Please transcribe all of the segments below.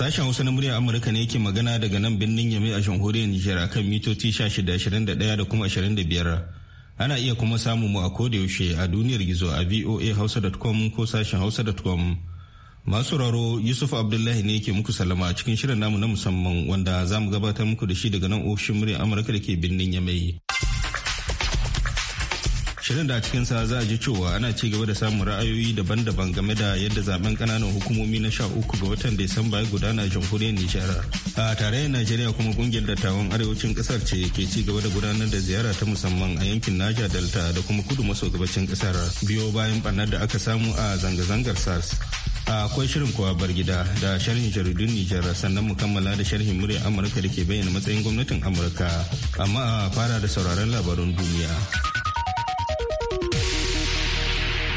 Sashen Hausa na muryar Amurka ne yake magana daga nan birnin Yame a jamhuriyar Nijar akan mitoci 1621 da kuma 25. Ana iya kuma samun mu a yaushe a duniyar gizo a voahausa.com ko sashen hausa.com. Masu raro Yusuf Abdullahi ne yake muku salama a cikin shirin namu na musamman wanda za mu gabatar muku da shi daga nan ofishin muryar Amurka da ke birnin Yamai. Shirin da a cikinsa za a ji cewa ana ci gaba da samun ra'ayoyi daban-daban game da yadda zaben kananan hukumomi na sha uku ga watan Desamba ya gudana jamhuriyar Nijar. A tarayyar Najeriya kuma kungiyar dattawan arewacin kasar ce ke ci gaba da gudanar da ziyara ta musamman a yankin naja Delta da kuma kudu maso gabacin kasar biyo bayan barnar da aka samu a zanga-zangar SARS. akwai shirin kuwa bar gida da sharhin jaridun Nijar sannan mu kammala da sharhin murya Amurka da ke bayyana matsayin gwamnatin Amurka amma a fara da sauraron labarun duniya.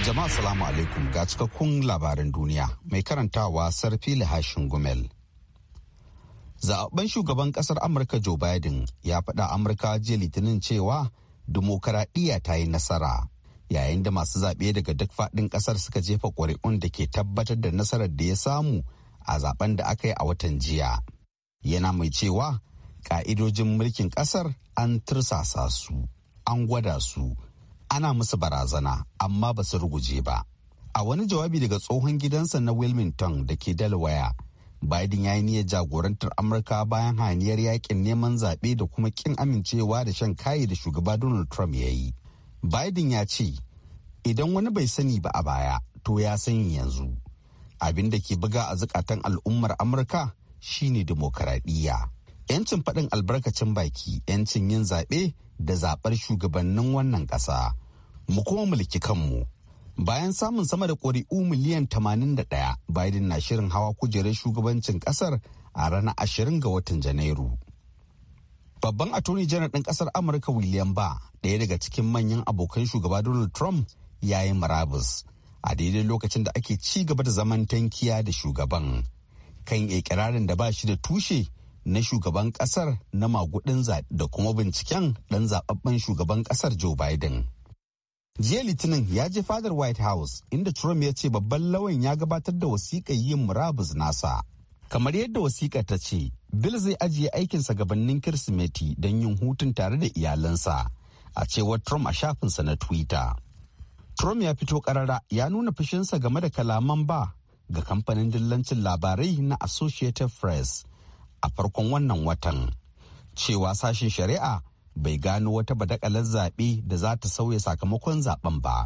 Jama'a salamu alaikum ga cikakkun labaran duniya mai karantawa sarfi hashin gumel. Zaɓen shugaban ƙasar Amurka Joe Biden ya faɗa Amurka jiya litinin cewa dimokuraɗiyya ta yi nasara yayin da masu zaɓe daga duk faɗin ƙasar suka jefa ƙuri'un da ke tabbatar da nasarar da ya samu a zaɓen da aka yi a watan jiya. Yana mai cewa ƙa'idojin mulkin ƙasar an tursasa su, an gwada su. ana musu barazana amma ba su ruguje ba a wani jawabi daga tsohon gidansa na wilmington da ke delaware biden ya yi niyyar jagorantar amurka bayan haniyar yakin neman zaɓe da kuma kin amincewa da shan kayi da shugaba donald trump ya yi biden ya ce idan wani bai sani ba a baya to ya sani yanzu abin da ke buga a zukatan al'ummar amurka shine demokaradiyya yancin faɗin albarkacin baki yancin yin zaɓe da zaɓar shugabannin wannan ƙasa mu kuma mulki kanmu bayan samun sama da ƙuri'u miliyan tamanin da ɗaya. biden na shirin hawa kujerar shugabancin ƙasar a ranar ashirin ga watan janairu babban attorney janar ɗin ƙasar amurka william ba ɗaya daga cikin manyan abokan shugaba donald trump ya yi marabus a daidai lokacin da ake ci gaba da zaman tankiya da shugaban kan ƙirarin da ba shi da tushe na shugaban ƙasar na maguɗin da kuma binciken ɗan zaɓaɓɓen shugaban ƙasar joe biden jiya litinin ya je fadar white house inda trump ya ce babban lawan ya gabatar da wasiƙar yin murabus nasa kamar yadda wasiƙa ta ce bill zai ajiye aikinsa gabanin kirsimeti don yin hutun tare da iyalansa a cewar trump a shafinsa na twitter trump ya fito ƙarara ya nuna fushinsa game da kalaman ba ga kamfanin dillancin labarai na associated press a farkon wannan watan cewa sashen shari'a bai gano wata badakalar zaɓe da za ta sauya sakamakon zaben ba.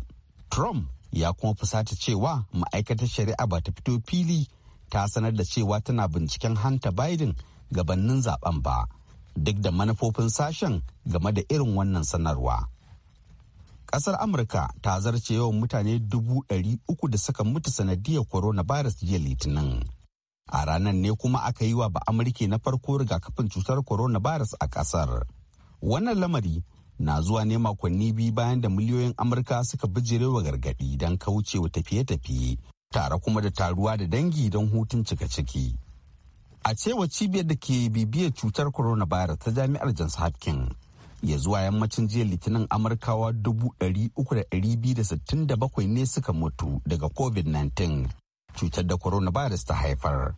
Trump ya kuma fusata cewa ma'aikatar shari'a ba ta fito fili ta sanar da cewa tana binciken hanta Biden gabanin zaben ba, duk da manufofin sashen game da irin wannan sanarwa. Ƙasar Amurka ta zarce yawan mutane dubu ɗari uku da suka mutu sanadiyar coronavirus jiya litinin. A ranar ne kuma aka yi wa ba Amurka na farko rigakafin cutar coronavirus a ƙasar. wannan lamari na zuwa ne makonni biyu bayan da miliyoyin amurka suka wa gargadi don kaucewa tafiye-tafiye tare kuma da taruwa da dangi don hutun cika ciki a cewa cibiyar da ke bibiyar cutar Corona coronavirus ta jami'ar johns hopkins ya zuwa yammacin jiya litinin amurkawa da bakwai ne suka mutu daga covid-19 cutar da Corona coronavirus ta haifar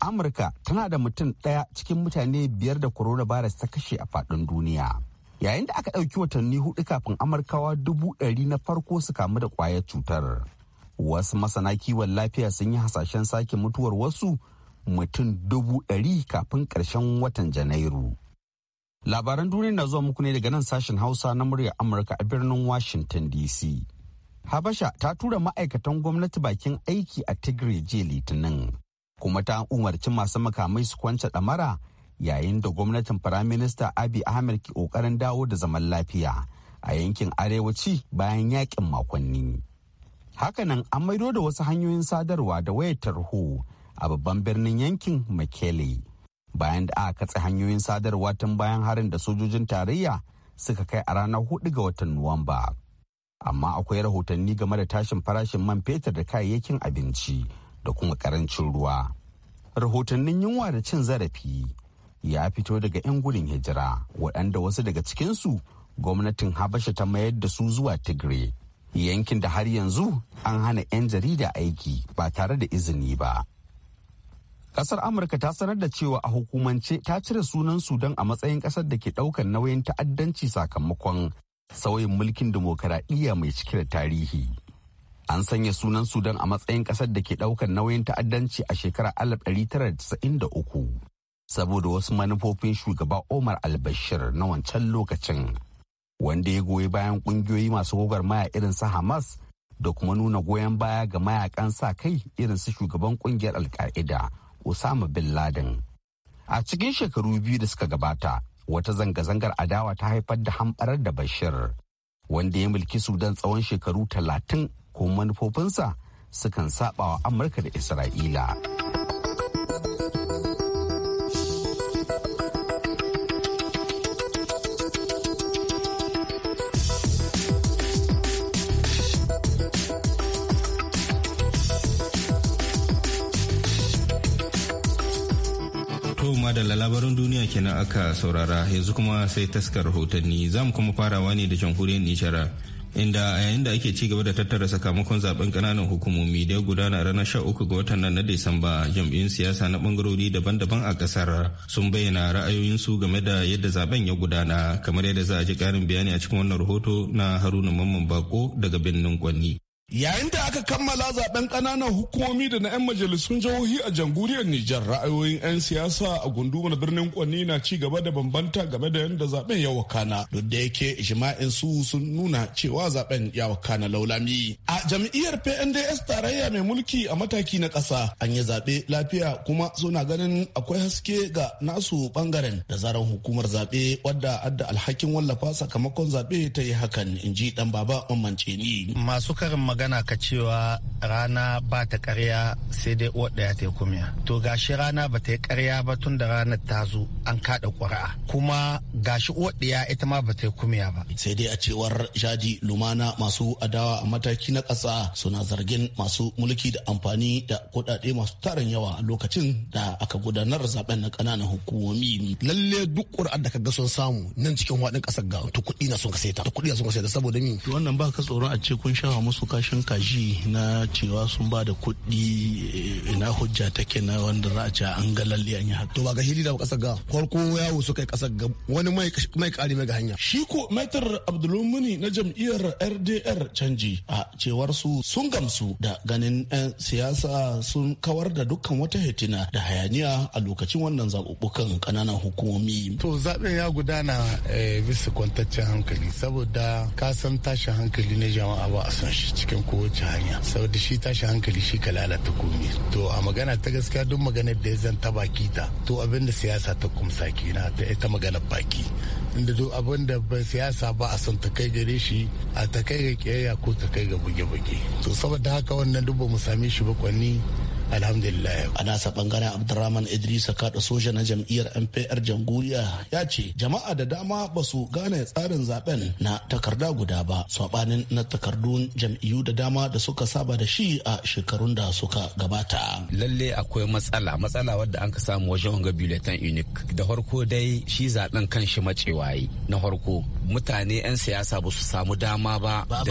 amurka tana da mutum ɗaya cikin mutane biyar da coronavirus ta kashe a faɗin duniya yayin da aka ɗauki watanni hudu kafin amurkawa dubu ɗari na farko su kamu da ƙwayar cutar wasu masana kiwon lafiya sun yi hasashen sake mutuwar wasu mutum dubu ɗari kafin ƙarshen watan janairu labaran duniya na zuwa muku ne daga nan sashen hausa na muryar amurka a birnin washington dc habasha ta tura ma'aikatan gwamnati bakin aiki a tigray jiya litinin kuma ta umarci masu makamai su kwance damara yayin da gwamnatin firaminista abi ahmed ke kokarin dawo da zaman lafiya a yankin arewaci bayan yakin makonni hakanan an maido da wasu hanyoyin sadarwa da wayar tarho a babban birnin yankin makele bayan da aka katse hanyoyin sadarwa tun bayan harin da sojojin tarayya suka kai a ranar hudu ga watan nuwamba amma akwai rahotanni game da tashin farashin man fetur da kayayyakin abinci da kuma karancin ruwa rahotannin yunwa da cin zarafi ya fito daga 'yan gudun hijira waɗanda wasu daga cikinsu gwamnatin habasha ta mayar da su zuwa tigre yankin da har yanzu an hana 'yan jarida aiki ba tare da izini ba Ƙasar amurka ta sanar da cewa a hukumance ta cire sunan sudan a matsayin ƙasar da ke ɗaukar nauyin ta'addanci sakamakon sauyin mulkin dimokuraɗiyya mai cike da tarihi an sanya sunan sudan a matsayin ƙasar da ke ɗaukar nauyin ta'addanci a shekarar 1993 saboda wasu manufofin shugaba omar albashir na wancan lokacin wanda ya goyi bayan ƙungiyoyi masu gwagwarmaya irin su hamas da kuma nuna goyon baya ga mayakan sa kai irin su shugaban ƙungiyar alka'ida osama bin laden a cikin shekaru biyu da suka gabata wata zanga-zangar adawa ta haifar da hamɓarar da bashir wanda ya mulki sudan tsawon shekaru talatin ko manufofinsa sukan saba wa amurka da isra'ila da labarin duniya kenan aka saurara yanzu kuma sai taskar rahotanni za mu kuma farawa ne da jamhuriyar nishara inda a yayin da ake cigaba da tattara sakamakon zaben kananan hukumomi da ya gudana ranar sha uku ga watan nan na disamba jam'iyyun siyasa na bangarori daban-daban a kasar sun bayyana ra'ayoyinsu game da yadda zaben ya gudana kamar yadda za a ji karin bayani a cikin wannan rahoto na haruna mamman bako daga birnin kwanni Yayin da aka kammala zaben ƙananan hukumomi da na 'yan majalisun jihohi a jamhuriyar Nijar ra'ayoyin 'yan siyasa a gundumar birnin Kwanni na ci gaba da bambanta game da yadda zaben ya wakana duk da yake ijma'in su sun nuna cewa zaben ya wakana laulami. A jam'iyyar PNDS tarayya mai mulki a mataki na ƙasa an yi zaɓe lafiya kuma suna ganin akwai haske ga nasu bangaren da zaran hukumar zaɓe wadda adda alhakin wallafa sakamakon zaɓe ta yi hakan in ji ɗan baba mamance ni. Masu karin magana ka cewa rana ba ta karya sai dai uwar ɗaya ta kumiya to gashi rana ba ta yi karya ba tun da ranar ta zo an kaɗa ƙwara'a. kuma gashi uwar ɗaya ita ma ba ta yi kumiya ba sai dai a cewar shaji lumana masu adawa a mataki na ƙasa suna zargin masu mulki da amfani da kuɗaɗe masu tarin yawa a lokacin da aka gudanar zaben na ƙananan hukumomi lalle duk ƙuri'ar da ka ga sun samu nan cikin waɗin ƙasar ga to kuɗi na sun ka saita kuɗi na sun ka saita saboda mi wannan ba ka tsoron a ce kun shawa musu kashi kamshin kaji na cewa sun ba da kuɗi eh, ina hujja take na wanda za a ce an ga lalle an yi haka. To ba ga hili da kasar ga farko yawo suka yi kasar ga wani mai kari mai ga hanya. Shi ko Maitar Abdulmuni na jam'iyyar RDR canji a cewar su sun gamsu da ganin 'yan siyasa sun kawar da dukkan wata hitina da hayaniya a lokacin wannan zaɓuɓɓukan ƙananan hukumomi. To zaɓen ya gudana eh, bisa kwantaccen hankali saboda kasan tashin hankali na jama'a ba a san shi cikin ko kowace hanya saboda shi tashi hankali shi ka lalata komi to a magana ta gaskiya duk magana da ya zan ta baki ta to abin da siyasa ta kumsa kina ta ita maganar baki inda duk abin da ba siyasa ba a son ta kai gare shi a ta kai ga kiyayya ko ta kai ga buge-buge to saboda haka wannan duk ba mu same shi ba kwanni alhamdulillah a nasa bangaren abdurrahman idrisa kada soja na jam'iyyar mpr jamhuriya ya ce jama'a da dama ba su gane tsarin zaben na takarda guda ba sabanin na takardun jam'iyyu da dama da suka saba da shi a shekarun da suka gabata lalle akwai matsala matsala wadda an ka samu wajen wanga bulletin unique da farko dai shi zaben kan shi macewa yi na farko mutane 'yan siyasa ba su samu dama ba ba a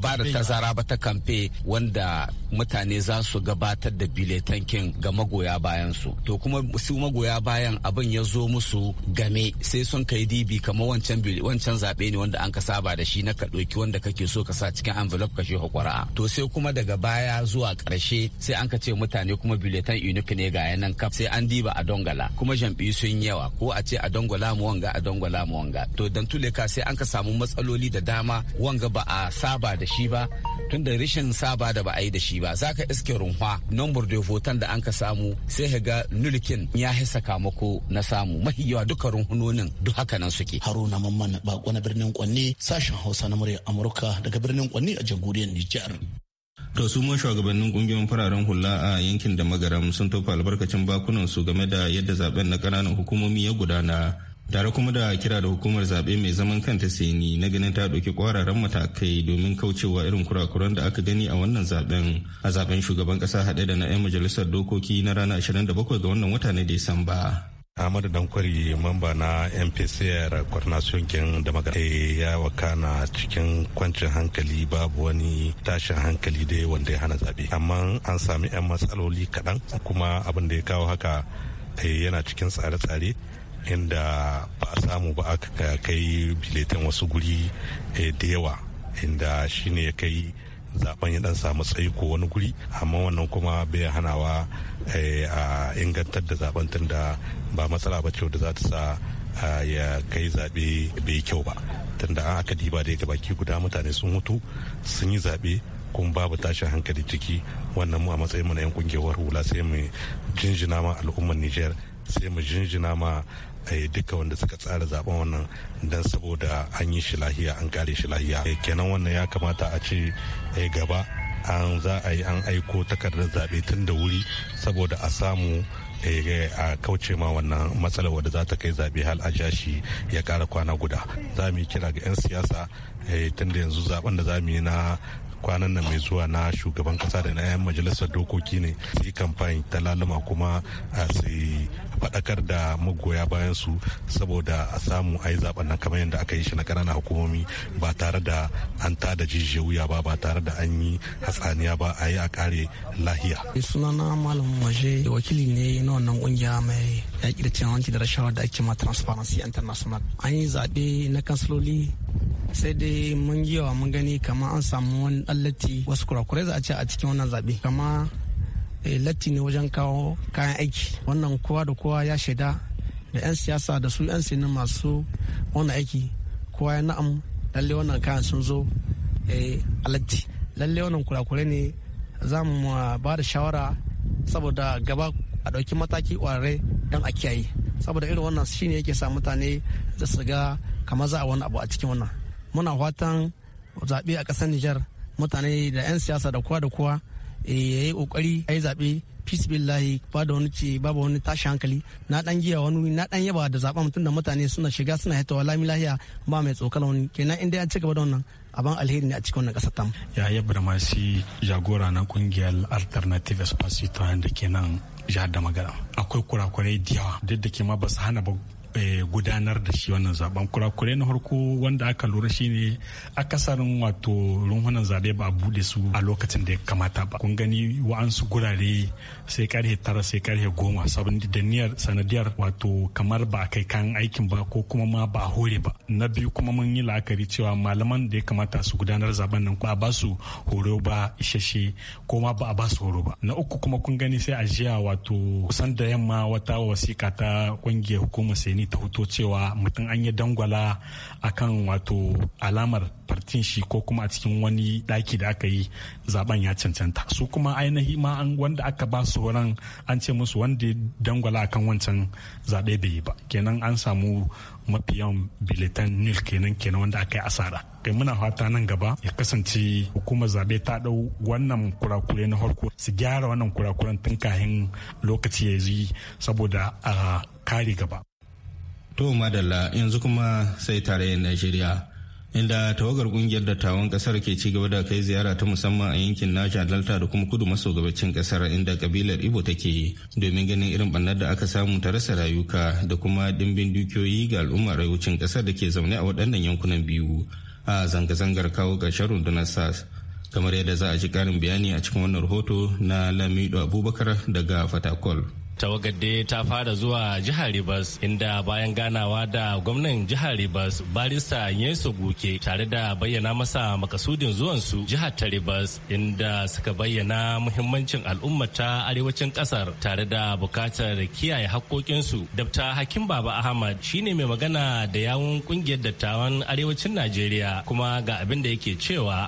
ba da tazara ba ta kamfe wanda mutane za su gabata gabatar da biletankin ga magoya bayan su to kuma su magoya bayan abin ya zo musu game sai sun kai dibi kamar wancan wancan zaɓe ne wanda an ka saba da shi na ka ɗauki wanda kake so ka sa cikin envelope ka shehu ƙwara'a to sai kuma daga baya zuwa karshe sai an ka ce mutane kuma biletan unifi ne ga yanan kaf sai an diba a dongala kuma jam'i sun yawa ko a ce a dongola mu wanga a dongola mu wanga to dan tuleka sai an ka samu matsaloli da dama wanga ba a saba da shi ba tunda da rashin saba da ba a yi da shi ba zaka iske runfa. number da votan da an ka samu sai ya ga nulikin ya yi sakamako na samu mafi yawa duka runhunonin duk haka nan suke haruna mamman bako na birnin kwanne sashen hausa na murya amurka daga birnin kwanne a jamhuriyar nijar To su ma shugabannin kungiyoyin fararen hula a yankin da magaram sun tofa albarkacin bakunan su game da yadda zaben na kananan hukumomi ya gudana tare kuma da kira da hukumar zabe mai zaman kanta saini na ganin ta dauki kwararan matakai domin kaucewa irin kurakuran da aka gani a wannan zaben a zaben shugaban kasa haɗe da na 'yan majalisar dokoki na ranar 27 ga wannan wata na disamba Ahmad Dankwari mamba na MPCR Coordination King da magana eh, ya wakana cikin kwancin hankali babu wani tashin hankali dai wanda ya hana zaɓe. Amma an sami 'yan matsaloli kaɗan kuma abin da ya kawo haka eh, yana cikin tsare-tsare inda ba a samu ba aka kai biletin wasu guri eh, da yawa inda shine ya kai zaben ya dan samu tsayi ko wani guri amma wannan kuma bai hanawa eh, a ingantar da zaben tun da ba matsala ba ce da za ta sa ya kai zaɓe bai kyau ba tun da an aka diba da baki guda mutane sun mutu sun yi zaɓe kuma babu tashin hankali ciki wannan mu a matsayin mu na yan kungiyar hula sai mu jinjina ma al'ummar Nijar sai mu jinjina ma duka wanda suka tsara zaben wannan don saboda an yi shi lahiya an kare shi lahiya eh, kenan wannan ya kamata a ce eh, gaba an za a yi an aiko takardar zaɓe tun da wuri saboda a samu eh, a kauce ma wannan matsalar wadda za ta kai zaɓe hal a jashi ya ƙara kwana guda za mu yi kira ga 'yan siyasa tun da yanzu zaben da za mu yi na kwanan nan mai zuwa na shugaban kasa da na 'yan majalisar dokoki ne su yi kamfani ta laluma kuma a su faɗakar da magoya bayan su saboda a samu a yi zaben nan kamar yadda aka yi shi na ƙananan hukumomi ba tare da an ta da jijiyar wuya ba ba tare da an yi hatsaniya ba a yi a kare lahiya. sunana malam maje wakili ne na wannan kungiya mai yaƙi da cin hanci da rashawa da ake ma transparency international an yi zaɓe na kansaloli sai dai mun yi mun gani kama an samu wani ɗan latti wasu kurakurai za a ce a cikin wannan zaɓe kama eh, latti ne wajen kawo kayan aiki wannan kowa da kowa ya shaida da 'yan siyasa da su 'yan sinin masu wannan aiki kowa ya na'am lalle wannan kayan sun zo eh, a latti lalle wannan kurakurai ne za mu ba da shawara saboda gaba a ɗauki mataki ƙwararre don a kiyaye saboda irin wannan shine yake sa mutane da su ga kamar za a wani abu a cikin wannan muna fatan zaɓe a ƙasar Nijar mutane da 'yan siyasa da kowa da kowa eh, ya yi ƙoƙari a yi zaɓe peace billahi ba da wani ce babu wani tashi hankali na dan giya wani na dan yaba da zaɓen mutum da mutane suna shiga suna hitawa lami lahiya ba mai tsokala wani kenan inda an ci gaba da wannan aban alheri ne a cikin wannan ƙasar tamu. ya yabra masu jagora na kungiyar alternative espace da kenan jihar da magana akwai kurakurai da yawa duk da ke ma ba su hana ba Eh, gudanar da shi wannan zaben kurakure na harko wanda aka lura shine akasarin wato runhunan zabe ba a bude su a lokacin da ya kamata ba kun gani wa'ansu gurare sai karhe tara sai karhe goma da niyyar sanadiyar wato kamar ba kai kan aikin ba ko kuma ma ba hore ba na biyu kuma mun yi la'akari cewa malaman da ya kamata su gudanar zaben nan ba ba su horo ba isasshe ko ma ba a ba su horo ba na uku kuma kun gani sai a jiya wato kusan da yamma wata wasiƙa ta kungiyar hukumar sai gani ta hoto cewa mutum an yi dangwala akan wato alamar fartin shi ko kuma a cikin wani daki da aka yi zaben ya cancanta su kuma ainihi ma wanda aka ba su horon an ce musu wanda ya dangwala akan wancan zaɓe bai yi ba kenan an samu mafi yawan biletan nil kenan kenan wanda aka yi asara kai muna fata nan gaba ya kasance hukumar zaɓe ta ɗau wannan kurakure na harko su gyara wannan kurakuren tun kahin lokaci ya yi saboda a kare gaba To madalla yanzu kuma sai tarayyar Najeriya. Inda tawagar kungiyar dattawan kasar ke ci gaba da kai ziyara ta musamman a yankin Niger Delta da kuma kudu maso gabacin kasar inda kabilar Ibo take domin ganin irin bannar da aka samu ta rasa rayuka da kuma dimbin dukiyoyi ga al'ummar rayucin kasar da ke zaune a waɗannan yankunan biyu a zanga-zangar kawo ƙarshen rundunar SAS. Kamar yadda za a ji ƙarin bayani a cikin wannan rahoto na Lamido Abubakar daga Fatakol. tawagar ta fara zuwa jihar Rivers inda bayan ganawa da gwamnan jihar Rivers barista Yesu Guke tare da bayyana masa makasudin zuwan su jihar ta Rivers inda suka bayyana muhimmancin al'ummar ta arewacin kasar tare da bukatar kiyaye hakkokinsu. Dr. Hakim Baba Ahmad shine mai magana da yawun kungiyar dattawan arewacin Najeriya kuma ga abin da yake cewa.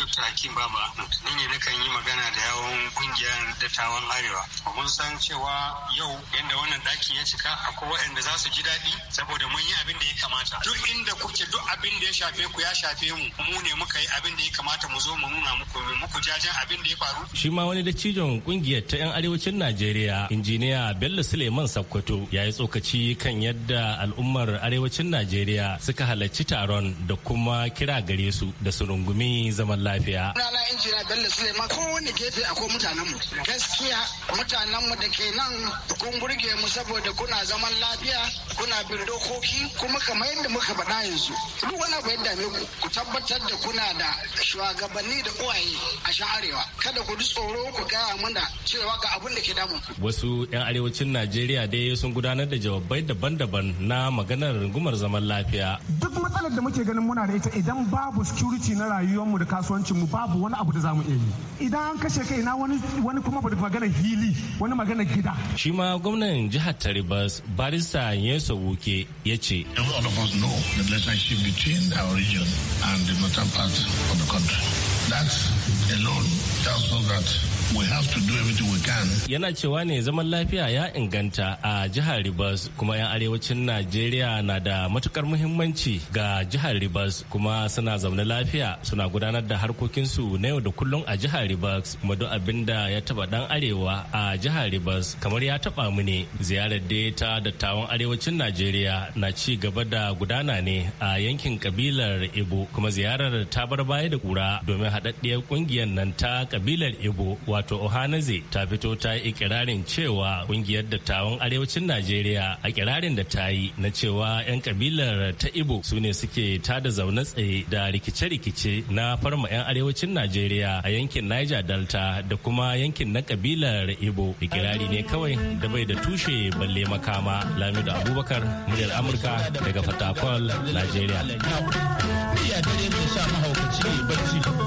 Dr. Hakim Baba ni ne nakan yi magana da yawun kungiyar dattawan arewa. Mun san cewa yau yadda wannan ɗaki ya cika akwai waɗanda za su ji daɗi saboda mun yi abin da ya kamata duk inda kuke duk abin da ya shafe ku ya shafe mu mu ne muka yi abin da ya kamata mu zo mu nuna muku muku jajen abin da ya faru shi ma wani dattijon kungiyar ta yan arewacin Najeriya injiniya Bello Suleiman Sakkwato ya yi tsokaci kan yadda al'ummar arewacin Najeriya suka halarci taron da kuma kira gare su da su rungumi zaman lafiya rana injiniya Bello Suleiman kowane gefe akwai mutanenmu gaskiya mutanenmu da ke nan kun burge mu saboda kuna zaman lafiya kuna bin dokoki kuma kamar yadda muka faɗa yanzu duk wani abu yadda dame ku ku tabbatar da kuna da shugabanni da uwaye a shan arewa kada ku ji tsoro ku gaya mana cewa ga abin da ke damun wasu 'yan arewacin najeriya dai sun gudanar da jawabai daban-daban na maganar rungumar zaman lafiya duk matsalar da muke ganin muna da ita idan babu security na rayuwarmu da kasuwancinmu babu wani abu da za mu iya yi idan an kashe kai na wani wani kuma magana hili wani magana gida shi ma gwamnan jihar taribas barista yeso wuke ya ce That alone tells us that We have to do everything we can. Yana cewa ne zaman lafiya ya inganta a jihar Rivers kuma 'yan arewacin Najeriya na da matukar muhimmanci ga jihar Rivers kuma suna zaune lafiya suna gudanar da harkokinsu na yau da kullum a jihar Rivers kuma duk abin da ya taba dan arewa a jihar Rivers kamar ya taba mu ne ziyarar da ta dattawan arewacin Najeriya na ci gaba da gudana ne a yankin kabilar ibo kuma ziyarar ta bar baya da kura domin haɗaɗɗiyar ƙungiyar nan ta kabilar ibo wato ohanaze ta fito ta yi ikirarin cewa kungiyar dattawan arewacin najeriya a kirarin da ta yi na cewa 'yan kabilar ta ibo su ne suke ta da zaune tsaye da rikice-rikice na farma 'yan arewacin najeriya a yankin niger delta da kuma yankin na kabilar ibo ikirari ne kawai da bai da tushe balle makama lamido abubakar muryar amurka daga fatakwal najeriya mahaukaci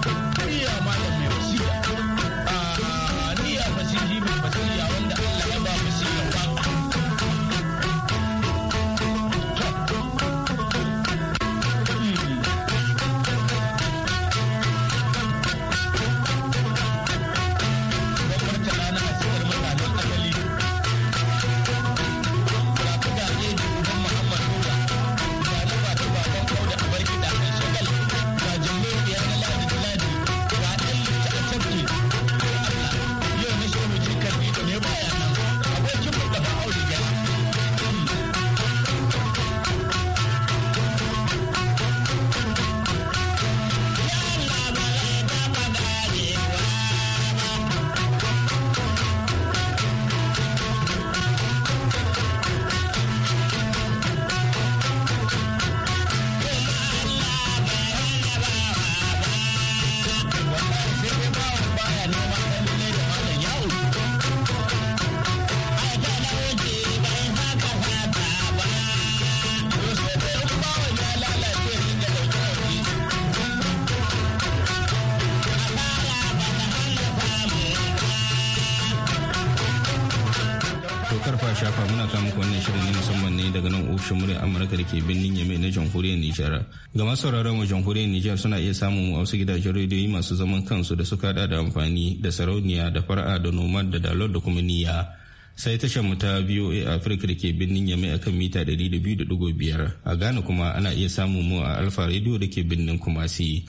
gabatar muku wannan shirin ne musamman ne daga nan ofishin murya Amurka da ke birnin Yamai na jamhuriyar Nijar. Ga masu sauraron mu jamhuriyar Nijar suna iya samun a wasu gidajen rediyoyi masu zaman kansu da suka hada da amfani da sarauniya da fara'a da noma da dalot da kuma niyya. Sai tashar mu ta VOA Africa da ke birnin Yamai akan mita 200.5 a Ghana kuma ana iya samun mu a Alfa Radio da ke birnin Kumasi.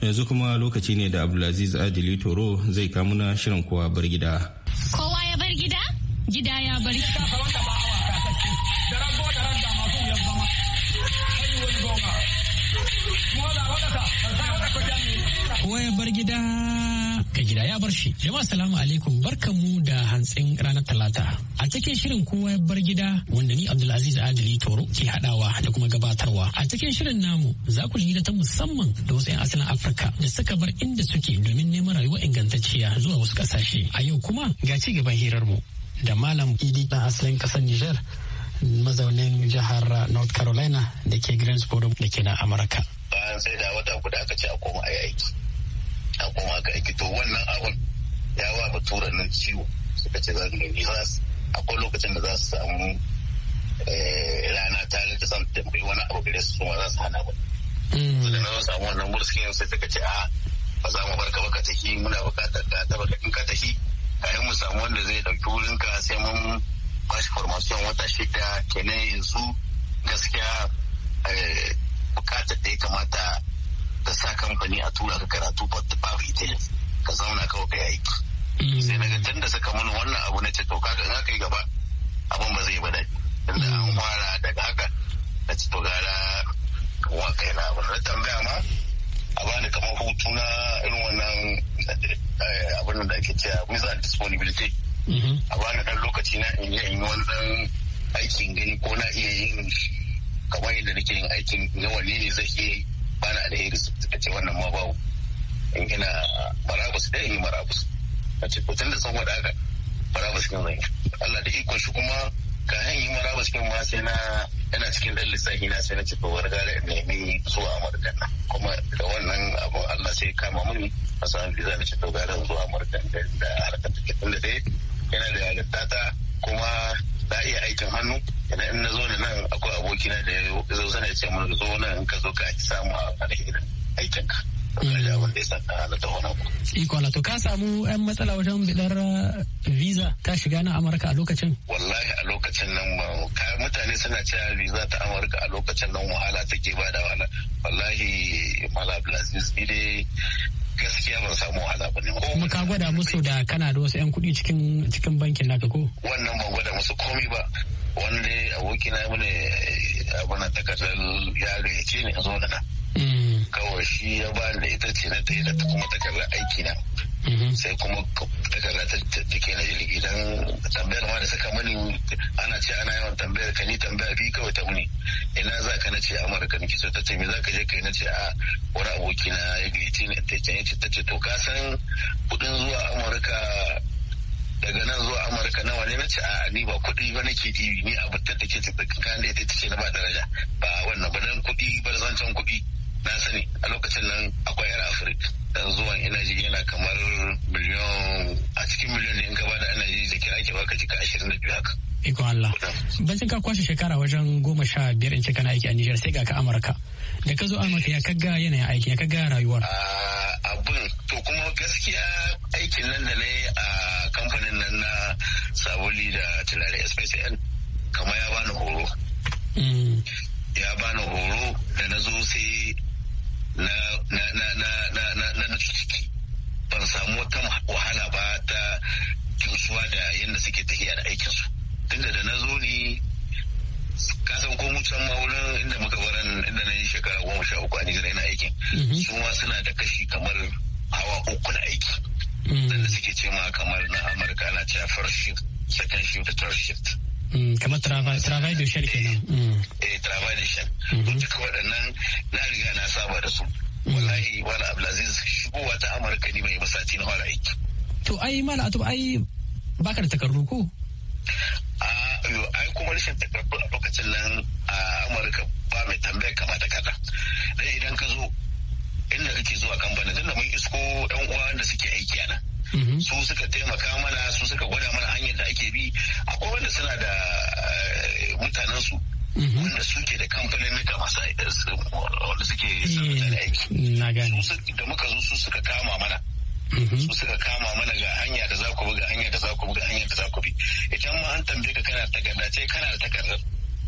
Yanzu kuma lokaci ne da Abdulaziz Adili Toro zai kamuna shirin kowa bar gida. Kowa ya bar gida? gida ya bari kowa bar gida ka gida ya bar shi Jama salamu alaikum barkamu da hantsin ranar talata a cikin shirin kowa ya bar gida wanda ni abdulaziz adili toro ke hadawa da kuma gabatarwa a cikin shirin namu za ku ji ta musamman da wasu 'yan asalin afirka da suka bar inda suke domin neman rayuwa ingantacciya zuwa wasu kasashe a yau kuma ga ci gaban hirar mu da malam idi na asalin kasar niger mazaunin jihar north carolina da ke greensboro da ke na amurka bayan sai da wata guda aka ce a koma a aiki a koma aka aiki to wannan abun ya wa batura nan ciwo suka ce za su nemi akwai lokacin da za su samu eh, rana ta da samu tambayi wani abu gare su suma za su hana ba hmm. su da na samu wannan murskin sai suka ce a ba za mu barka ka tafi muna bukatar ka ta baka in ka tafi kayan mu samu wanda zai ɗauki wurin ka sai mun bashi shi formation wata shida kenan yanzu gaskiya eh, bukatar da ya kamata ta sa kamfani a tura ka karatu babu ita ka zauna kawai ka yi aiki mm. sai na tun da saka mana wannan abu na ce to kaga ga aka yi gaba abin ba zai ba da Inda an mm. fara daga haka na ci to gara wa na abin na tambaya ma a bani kamar hutu na irin wannan abin da ake cewa wizard disponibility mhm. a bani dan lokaci na in yi wani dan aikin gani ko na iya yin kamar yadda nake yin aikin na wani ne zai iya bana alheri su suka ce wannan ma bawo in ina marabus da in yi marabus a ce ko tun da saboda haka marabus ne zai Allah da ikon shi kuma kayan yi mara cikin ma sai na yana cikin dan lissafi na sai na ci kowar gare in nemi zuwa amurka kuma da wannan abu allah sai kama muni a samun visa na ci kowar zuwa amurka da harkar take tunda dai yana da yalittata kuma na iya aikin hannu idan in na zo da nan akwai abokina da ya zo sana ya ce mun zo nan ka zo ka samu a irin aikinka kamar ya saka na to ka samu yan matsala wajen bidar uh, visa ta shiga na Amurka a lokacin? Wallahi a lokacin nan ba mutane suna cewa visa ta Amurka a lokacin nan wahala take ba da wahala. Wallahi Mala Blasius ni dai gaskiya ban samu wahala ba ne. Kuma ka gwada musu da kana da wasu 'yan kuɗi cikin cikin bankin naka ko? Wannan ban gwada musu komi ba. Wanda abokina ya mune wannan takardar ya gayyace ni in zo da nan mm. kawai shi ya ba da ita ce na ta yi da kuma takardar aiki na mm-hmm. sai kuma takarda ta take na jirgi don tambayar ma da saka mani ana ce ana yawan tambayar ka ni tambaya bi kawai ta muni ina za ka na ce amurka ni kisa ta ce me za ka je kai na ce a wani aboki ya gayyace ni ta ce ta ce to ka san kudin zuwa amurka daga nan zuwa amurka nawa ne na ce a ni ba kuɗi ba nake ɗibi ni a batar da ke tattakin kayan da ita ce na ba daraja ba wannan ba dan kuɗi da zancen kuɗi na sani a lokacin nan akwai yar afirka dan zuwan energy yana kamar miliyan a cikin miliyan da in ka da energy da kira ke baka jika ashirin da biyu haka. Ikon Allah. Bacin ka kwashe shekara wajen goma sha biyar in ce kana aiki a Nijar sai ga ka Amurka. Da ka zo Amurka ya kaga yanayin aiki ya kaga rayuwar. Ah, to kuma gaskiya aikin nan da na yi a kamfanin nan na sabuli da turare spcn kama ya bani horo mm. ya bani horo da na zo sai na na ciki ban samu wata wahala ba ta kinsuwa da yadda suke tafiya da aikinsu tunda da na zo ne kasan ko mutan inda muka baran inda na yi shekara goma sha uku a nijar ina aikin mm-hmm. su ma suna da kashi kamar Awa uku na aiki wanda mm. suke ce ma kamar na amurka na cewa first shift second shift third shift mm, kamar travail da shell kenan eh, mm. eh travail shan. shell mm-hmm. duka waɗannan na riga na saba da su wallahi wala abdulaziz shigowa ta amurka ni mai masati na wala aiki to ai mana atub ai baka da takardu ko a ai kuma rashin takardu a lokacin nan a amurka ba mai tambaya kamata kada dan idan ka zo inda ake zuwa kamfanin tunda mun isko yan uwa da suke aiki a mhm. su suka taimaka mana su suka gwada mana hanyar da ake bi akwai wanda suna da eh, mutanen su mhm. wanda suke da kamfanin nika masu eh, wanda suke da eh, aiki da muka zo su suka kama mana mhm. su suka kama mana ga hanya da za ku bi ga hanya da za ku bi ga hanya da za ku bi idan ma an tambaye ka kana da takarda ce kana da takardar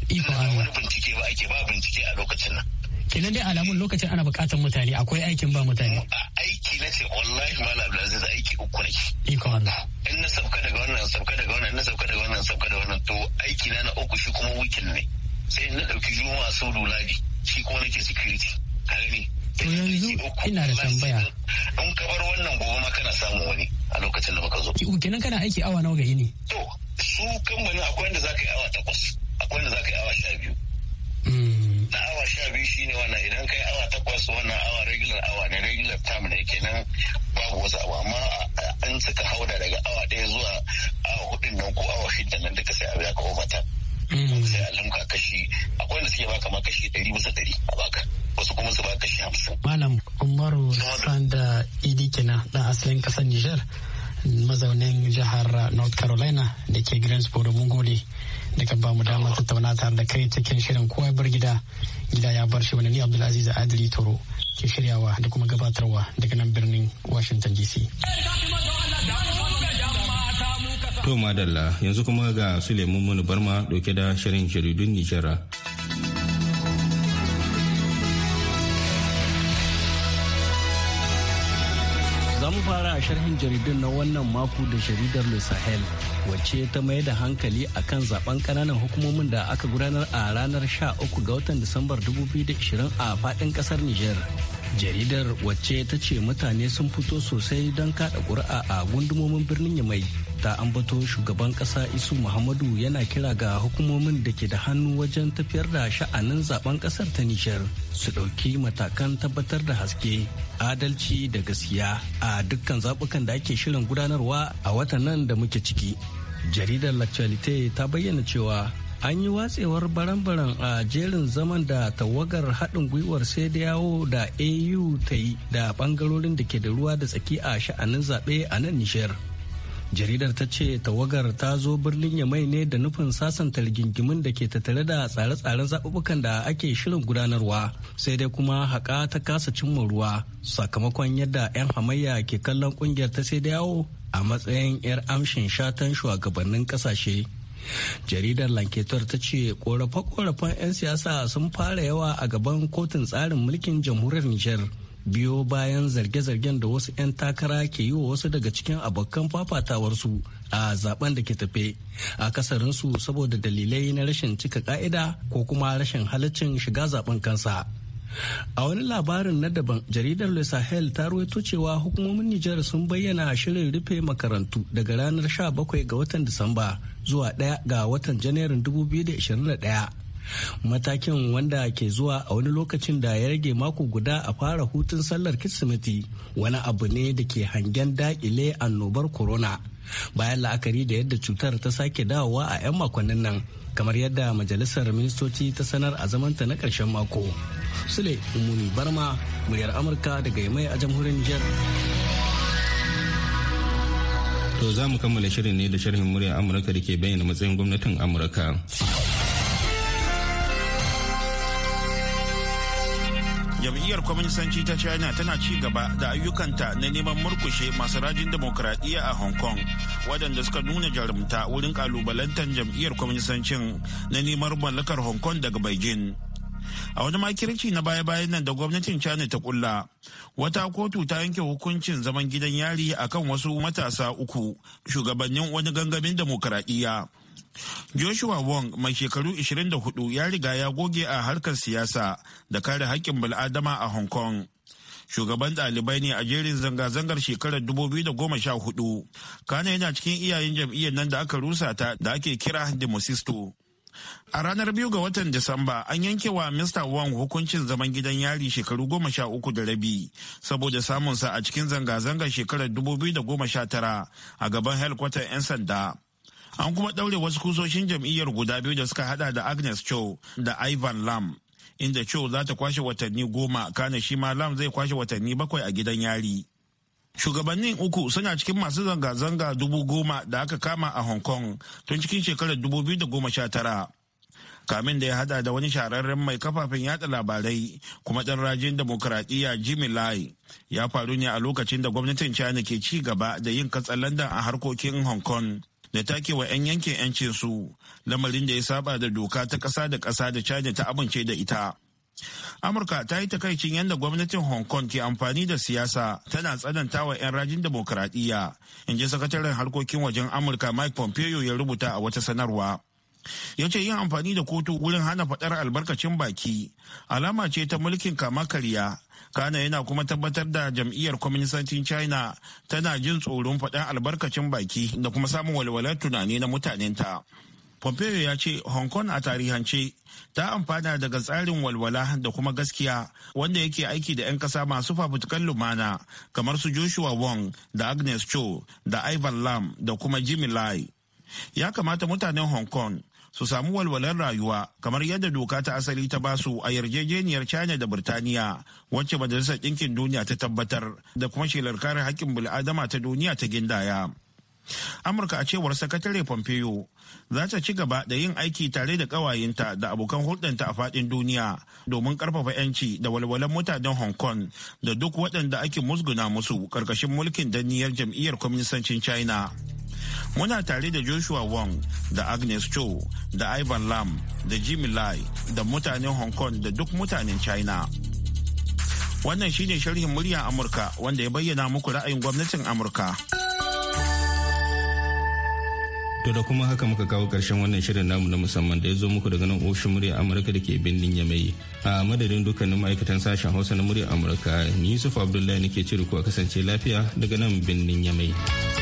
Iko wani bincike ba ake ba bincike a lokacin nan. kenan dai alamun lokacin ana bukatar mutane akwai aikin ba mutane aiki na ce wallahi mala abdulaziz aiki uku ne iko Allah in na sauka daga wannan sauka daga wannan na sauka daga wannan sauka daga wannan to aiki na na uku shi kuma wikin ne sai na dauki juma'a sau ladi shi kuma nake security kalmi to yanzu ina da tambaya in ka bar wannan gobe ma kana samu wani a lokacin da baka zo kenan kana aiki awa nawa ga yini to su bani akwai wanda zaka yi awa takwas akwai wanda zaka yi awa sha biyu hmm. na awa sha biyu shine wannan idan kai awa takwas wannan awa regular awa ne regular time ne kenan babu wasu abu amma an suka hauda daga awa ɗaya zuwa awa hudun nan ko awa shidda nan duka sai a biya ka overtime hmm. sai a lamka kashi akwai da suke baka ma kashi ɗari bisa ɗari a baka wasu kuma su baka kashi hamsin. Malam Umaru Sanda Idi kenan ɗan asalin ƙasar Nijar. mazaunin jihar north carolina da ke greensboro mun gode da ka ba mu damar tattauna tare da kai cikin shirin kowa bar gida gida ya bar shi wani ni abdulaziz Adli toro ke shiryawa da kuma gabatarwa daga nan birnin washington dc to madalla yanzu kuma ga suleiman Munubarma barma dauke da shirin jaridun nijara fara a sharhin jaridun na wannan mako da jaridar Le Sahel wacce ta mai da hankali akan zaben kananan hukumomin da aka gudanar a ranar 13 ga watan Disambar 2020 a faɗin ƙasar Nijar. jaridar wacce ta ce mutane sun fito sosai don kada ƙuri'a a gundumomin birnin yamai ta ambato shugaban ƙasa isu muhammadu yana kira ga hukumomin da ke da hannu wajen tafiyar da sha'anin zaben ƙasar ta nijar su ɗauki matakan tabbatar da haske adalci da gaskiya a dukkan zaɓukan da ake shirin gudanarwa a watan nan da muke ciki jaridar l'actualité ta bayyana cewa an yi watsewar baran-baran a jerin zaman da tawagar haɗin gwiwar sai da yawo da au ta yi da bangarorin da ke da ruwa da tsaki a sha'anin zaɓe a nan nishiyar jaridar ta ce tawagar ta zo birnin yamai ne da nufin sasanta rigingimin da ke tattare da tsare-tsaren zaɓuɓɓukan da ake shirin gudanarwa sai dai kuma haƙa ta kasa cimma ruwa sakamakon yadda 'yan hamayya ke kallon ƙungiyar ta sai da yawo a matsayin 'yar amshin shatan shugabannin ƙasashe jaridar lanketor ta ce korafe-korafen 'yan siyasa sun fara yawa a gaban kotun tsarin mulkin jamhuriyar nijar biyo bayan zarge-zargen da wasu 'yan takara ke yi wa wasu daga cikin abokan fafatawarsu a zaben da ke tafe a kasarinsu saboda dalilai na rashin cika ka'ida ko kuma rashin halaccin shiga zaben kansa a wani labarin na daban jaridar le sahel ta ruwaito cewa hukumomin nijar sun bayyana shirin rufe makarantu daga ranar 17 ga watan disamba zuwa ɗaya ga watan janairun 2021 matakin wanda ke zuwa a wani lokacin da ya rage mako guda a fara hutun sallar kirsimeti wani abu ne da ke hangen dakile annobar corona bayan la'akari da yadda cutar ta sake dawowa a 'yan makonnin nan kamar yadda majalisar ministoci ta sanar a zamanta na ƙarshen mako sule umuni barma muryar amurka daga mai a jamhuriyar nijar To za mu kammala shirin ne da sharhin muryar Amurka da ke bayyana matsayin gwamnatin Amurka. jam'iyyar kwaminisanci ta china tana ci gaba da ayyukanta na neman murkushe masu rajin demokuraɗiyya a hong kong waɗanda suka nuna jarumta wurin kalubalantar jam'iyyar kwaminisancin na neman mallakar hong kong daga beijing a wani makirci na baya-bayan nan da gwamnatin china ta kulla wata kotu ta yanke hukuncin zaman gidan yari akan wasu matasa uku shugabannin wani gangamin demokaradiyya joshua wong mai shekaru 24 ya riga ya goge a harkar siyasa da kare haƙƙin bil'adama a hong kong shugaban ɗalibai ne a jerin zanga-zangar shekarar 2014 kana yana cikin iyayen jam'iyyar nan da aka rusa ta da ake kira demosisto A ranar biyu ga watan Disamba an yanke wa Mr. Wang hukuncin zaman gidan yari shekaru goma sha uku da rabi saboda samunsa a cikin zanga-zangar shekarar dubu biyu da goma sha tara a gaban helikwatar 'yan sanda. An kuma ɗaure wasu kusoshin jam'iyyar guda biyu da suka hada da Agnes Cho da Ivan Lam. Inda Cho za ta kwashe watanni goma kana shi ma Lam zai kwashe watanni bakwai a gidan yari. shugabannin uku suna cikin masu zanga-zanga dubu goma da aka kama a hong kong tun cikin shekarar dubu biyu da goma sha tara kamin da ya hada da wani shahararren mai kafafen yada labarai kuma ɗan rajin demokuraɗiyya jimmy lai ya faru ne a lokacin da gwamnatin china ke ci gaba da yin katsalandan a harkokin hong kong da take wa 'yan yankin 'yancinsu, lamarin da ya saba da doka ta ƙasa da ƙasa da china ta amince da ita amurka ta yi takaicin yadda gwamnatin hong kong ke amfani da siyasa tana tsananta wa 'yan rajin demokuraɗiyya in ji sakataren harkokin wajen amurka mike pompeo ya rubuta a wata sanarwa ya ce yin amfani da kotu wurin hana faɗar albarkacin baki alama ce ta mulkin kama karya kana yana kuma tabbatar da jam'iyyar kwaminisantin china tana jin tsoron faɗar albarkacin baki da kuma samun walwalar tunani na mutanenta. pompeo ya ce hong kong a tarihance ta amfana daga tsarin walwala da kuma gaskiya wanda yake aiki da 'yan kasa masu fafutukan lumana kamar su joshua wong da agnes cho da ivan lam da kuma jimmy lai ya kamata mutanen hong kong su samu walwalar rayuwa kamar yadda doka ta asali ta basu a yarjejeniyar china da birtaniya wacce majalisar ɗinkin duniya ta tabbatar da kuma shelar kare haƙƙin bil'adama ta duniya ta gindaya amurka a cewar sakatare pompeo za ta ci gaba da yin aiki tare da ƙawayenta da abokan hulɗanta a faɗin duniya domin ƙarfafa 'yanci da walwalan mutanen hong kong da duk waɗanda ake musguna musu ƙarƙashin mulkin danniyar jam'iyyar kwaminisancin china muna tare da joshua wong da agnes cho da ivan lam da jimmy lai da mutanen hong kong da duk mutanen china wannan shine sharhin murya amurka wanda ya bayyana muku ra'ayin gwamnatin amurka. To da kuma haka muka kawo karshen wannan shirin namu na musamman da ya zo muku daga nan ofishin murya Amurka da ke birnin Yamai. A madadin dukkanin ma'aikatan sashen Hausa na murya Amurka, ni Yusuf Abdullahi nake ciri ku a kasance lafiya daga nan birnin Yamai.